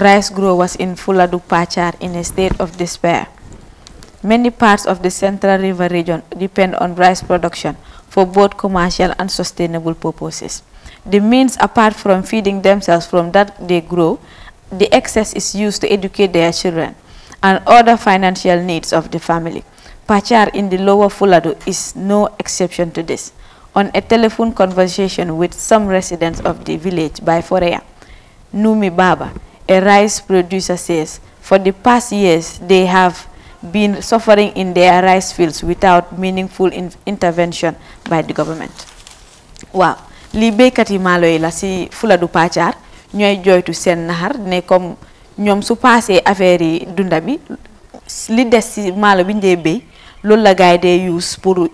rice growers in Fuladu Pachar in a state of despair. Many parts of the Central River region depend on rice production for both commercial and sustainable purposes. The means apart from feeding themselves from that they grow, the excess is used to educate their children and other financial needs of the family. Pachar in the lower Fuladu is no exception to this. On a telephone conversation with some residents of the village by Forea, Numi Baba, a rice producer says for the past years they have been suffering in their rice fields without meaningful in intervention by the government waaw lii béykat yi maalo yi la si Fuladu Pàccaar ñooy jooytu seen naxar ne comme ñoom su paasee affaire yi dunda bi li des si maalo bi njee béy loolu la gaay dee use pour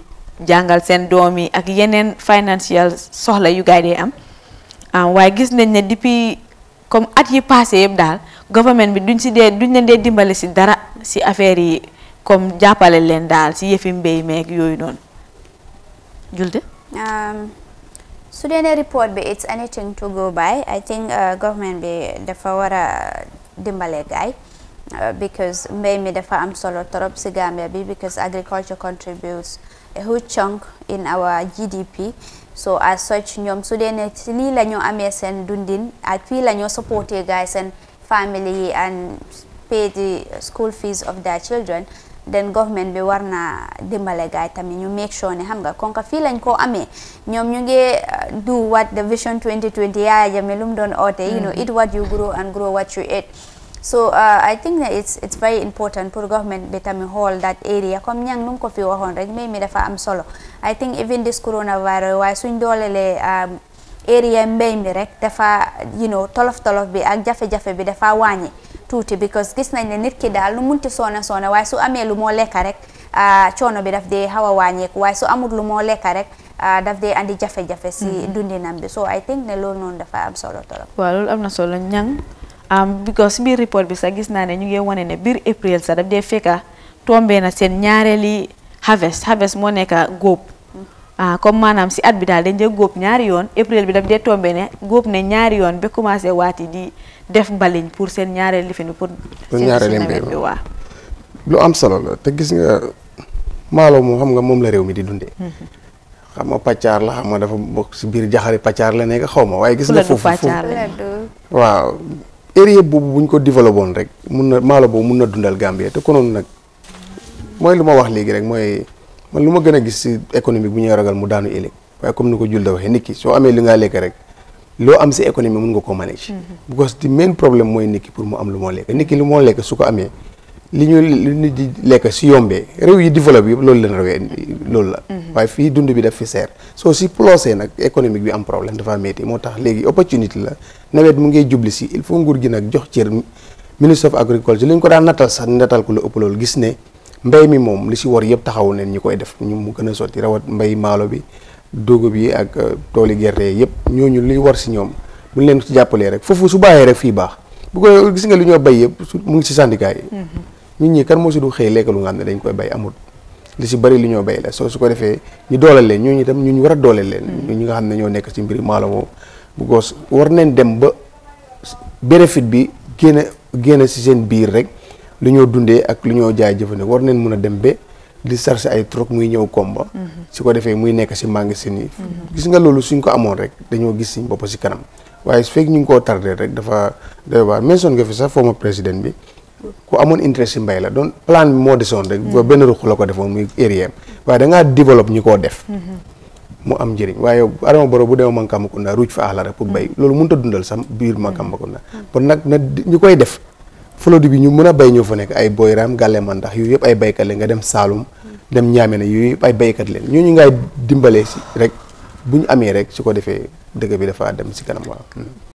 jàngal seen doom yi ak yeneen financial soxla yu gaay dee am ah, waaye gis nañ ne depuis comme at yi passé yëpp daal gouvernement bi duñ si dee duñ leen dee dimbale si dara si affaire yi comme jàppale leen daal si yëfi mbéy meeg yooyu noonu Julde. Um, su dee ne report bi it's anything to go baay I think uh, government bi dafa war a dimbale gaay uh, because mbéy mi dafa am solo trop si Gambia bi because agriculture contributes a huge chunk in our GDP so as such ñoom su dee ne lii la ñoo amee seen dundin a fii la ñoo supporté gaay seen family and pay the school fees of their children then government bi war na dimbale gaay tamit ñu make sure ne xam nga kon ka fii lañ koo amee ñoom ñu ngi uh, do what the vision 2020 Yahya Jammeh lu mu doon oote you mm-hmm. eat what you grow and grow what you eat so uh, I think that it's very important pour government bi tamit xool that area comme ñang nu ko fi waxoon rek mbay mi dafa am solo I think even this coronavirus waaye suñ doolelee um, area mbay mi rek dafa you tolof tolof bi ak jafe-jafe bi dafa wàññi tuuti because gis nañ ne nit ki daal lu munti soona soona waaye su amee lu moo lekka rek uh, coono bi daf dee xaw a wàññeeku waaye su amul lu moo lekka rek uh, daf dee andi jafe-jafe si mm-hmm. dundinam bi so I think ne loolu noonu dafa am solo trop. waaw loolu am na solo ñang um, because bi report bi sa gis na ne ñu ngi wane ne bir april sa daf dé féka tombee na sen ñaareli harvest harvest mo neka gop mm-hmm. ah comme manam si at bi dal dañ jël gop ñaar yoon april bi daf dé tombee ne gop ne ñaar yoon bi commencé waati di def mbaliñ pour sen ñaareli lifin bi pour sen ñaareli mbé wa lu am solo la te gis nga malo mo xam nga mom la réew mi di dundé mm-hmm. xam nga pàccaar la xam nga dafa bok ci bir jaxari pàccaar la nekk xawma ma gis nga fofu waaw area boobu bu ñu ko développé woon rek mun na maalo boobu mun na dundal Gambie te konoon nag mooy lu ma wax léegi rek mooy man lu ma gën a gis si économie bu ñuy ragal mu daanu ëllëg waaye comme ni ko Jules waxee nit soo amee li ngaa lekk rek loo am si mun nga koo manage mm-hmm. because the main problème mooy nit ki pour mu am lu moo lekk nit ki lu moo lekk su ko amee li ñu li nit di lekk si yombee réew yi développé yëpp loolu leen rawee loolu la mm-hmm. waaye fii dund bi daf fi seer soo si ploosee nag économique bi am problème dafa métti moo tax léegi opportunité la nawet mu ngi jubli si il faut nguur gi nag jox cër ministre of agriculture li ñu ko daan natal sax natal ko lu ëpp loolu gis ne mbéy mi moom li si war yëpp taxawu neen ñu koy def ñu mu gën a sotti rawat mbéy maalo bi dugub yi ak euh, tooli gerte yëpp ñooñu li war si ñoom buñ leen ci jàppalee rek foofu su bàyyee rek fii baax bu ko gis nga lu ñoo bay yëpp mu ngi si syndicat yi ñun mm-hmm. ñi moo si du xëy lekkalu nga xam ne dañ koy bay amul li si bëri li ñoo bay la soo su ko defee ñu dooleel leen ñooñu itam ñu war a dooleel leen mm-hmm. ñu nga xam ne ñoo nekk si mbiri maalo moom bukos war nañ dem ba bénéfice bi génn génn si seen biir rek lu ñoo dundee ak lu ñoo jaay jëfandikoo war nañ mun a dem ba di sarse ay troc muy ñëw komba mhm. su ko defee muy nekk si si yi mhm. gis nga loolu suñ ko amoon rek dañoo gis suñ bopp si kanam waaye su fekk ñu ngi koo tardé rek dafa day waar mention nga fi former président bi ko amon interest si mbay la plan mo moo desoon rek mhm. ba benn ruq la ko defoon muy érièm waaye da ngaa développe ñi koo def mu am njëriñ waaye Adama Boro bu demoo Mankambakunda ruuj fa axla rek pour bay mm. loolu mënut a dundal sam biir mm. Mankambakunda mm. kon nag na ñu koy def flodi bi ñu mën a bay ñëw fa nekk ay Boyram Gàlleman ndax yooyu yëpp ay baykat leen nga dem Saalum dem Ñaamena yooyu yëpp ay baykat leen ñu ngay dimbalee si rek bu ñu amee rek su ko defee dëgg bi dafa dem si kanam waaw